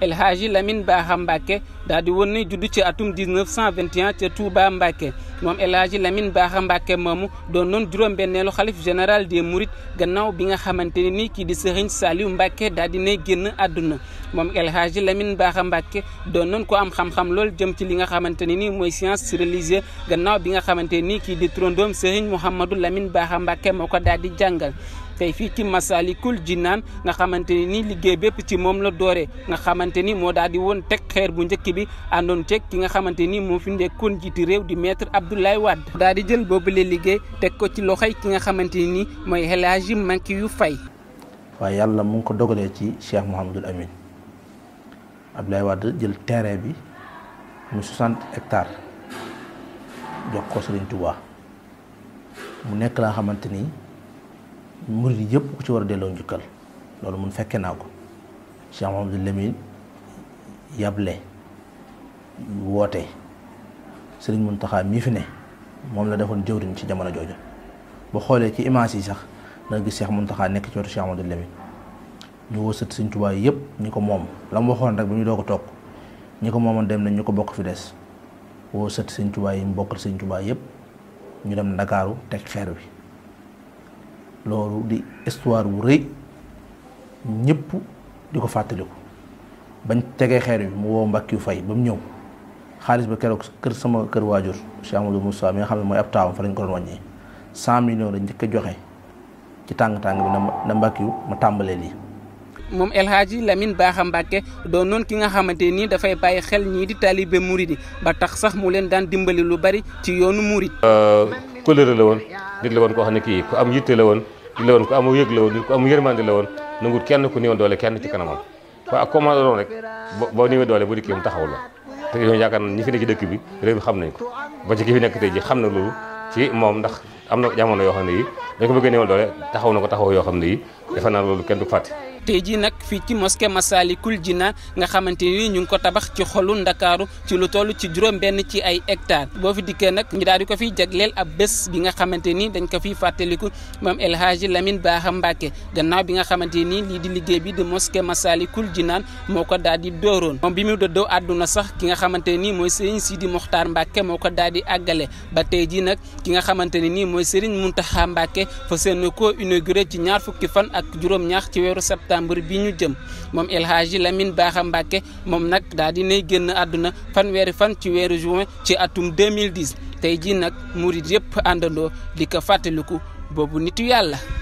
El Hadji Lamine Baaxa Mbacke daal di woon ne judd ci atum 1921 ca Touba Mbacke moom El Hadji Lamine Baaxa Mbacke moomu doon noon juróom-benneelu xalif général des Mourides gannaaw bi nga xamante ne ni kii di Serigne Saliou Mbacke daal di ne génn àdduna moom El Hadji Lamine Baaxa Mbacke doon noon ko am xam-xam lool jëm ci li nga xamante ne ni mooy science religieuse gannaaw bi nga xamante ni kii di trondoom Serigne Mouhamadou Lamine Baaxa Mbacke moo ko daal di jàngal. tey fii ci Massalikul Jinaan nga xamante ni liggéey bépp ci moom la dooree nga xamante ni moo daal di woon teg xeer bu njëkk bi àndoon ceeg ki nga xamante ni moo fi nekkoon jiiti réew di maître Abdoulaye Wade daal di jël boobule liggéey teg ko ci loxoy ki nga xamante ni mooy El Hadji yu Faye waaye yàlla mu ngi ko dogalee ci Cheikh Mouhamadul Amin Abdoulaye Wade jël terrain bi mu hectare hectares jox ko Serigne Touba mu nekk laa xamante ni murid yëpp ku ci war a delloo njukkal loolu mun fekke naa ko Cheikh Mouhamadou lemin yable woote Sëriñ Muntaxa mii fi ne moom la defoon jëwriñ ci jamono jooju ba xoolee ci image yi sax danga gis Cheikh Muntaxa nekk ci wetu Cheikh Mouhamadou Lamine ñu wësat Sëriñ Tuubaa yëpp ñi ko moom la mu waxoon rek ba ñu doo ko toog ñi ko moomoon dem nañ ñu ko bokk fi des wësat Sëriñ Tuubaa yi mu bokk Sëriñ Tuubaa yëpp ñu dem Ndakaaru teg xeer bi loolu di histoire bu rëy ñëpp di ko fàttaliku bañ tegee xeer bi mu woo Mbackiou fay ba mu ñëw xaalis ba keroog kër sama kër waajur Cheikh Amadou Moussa mi nga xam ne mooy ab taawam fa lañ ko doon wàññee cent millions njëkk joxe ci tàng-tàng bi na Mbackiou ma tàmbalee lii moom El lamin baax a Mbàkke doo noon ki nga xamante nii dafay bàyyi xel ñii di taalibe murid yi ba tax sax mu leen daan dimbali lu bari ci yoonu murid euh, kóllëre la woon nit la woon koo xam ne kii ku am yitte la woon nit la woon ku am yëg la woon nit ku am yërmande la woon nangut kenn ku néewoon doole kenn ci kanamam waaw ak comment doon rek boo néewee doole bu dikkee mu la te ñoo yaakaar na ñi fi nekk ci xam nañ ko ba ci ki fi nekk tey ji xam na loolu ci moom ndax am na jamono yoo xam ne yi dañ ko bëggee néewal doole taxaw na ko taxaw yoo xam ne yi defe naa loolu kenn du ko tey jii nag fii ci mosquée Massalikul Jinaan nga xamante ni ñu ngi ko tabax ci xolu ndakaaru ci lu toll ci juróom-benn ci ay hectares boo fi dikkee nag ñu daal di ko fiy jagleel ab bés bi nga xamante ni dañ ko fi fàttaliku moom El Hadji Lamine Baaxa Mbàkke gannaaw bi nga xamante nii lii di liggéey bi di massali kul Massalikul Jinaan moo ko daal di dooroon moom bi mu dëddoo àdduna sax ki nga xamante nii mooy Sëriñ Sidi Moxtaar Mbàkke moo ko daal di àggale ba tey jii nag ki nga xamante ne nii mooy Sëriñ Muntaxa Mbàkke fa seen koo inauguré ñaar fukki fan ak juróom-ñaar ci weeru septembre décembre bi ñu jëm moom El Hadji Lamine Baaxa Mbàkke moom nag daal di nay génn àdduna fanweeri fan ci weeru juin ci atum 2010 tey jii nag murit yëpp àndandoo di ko fàttaliku boobu nitu yàlla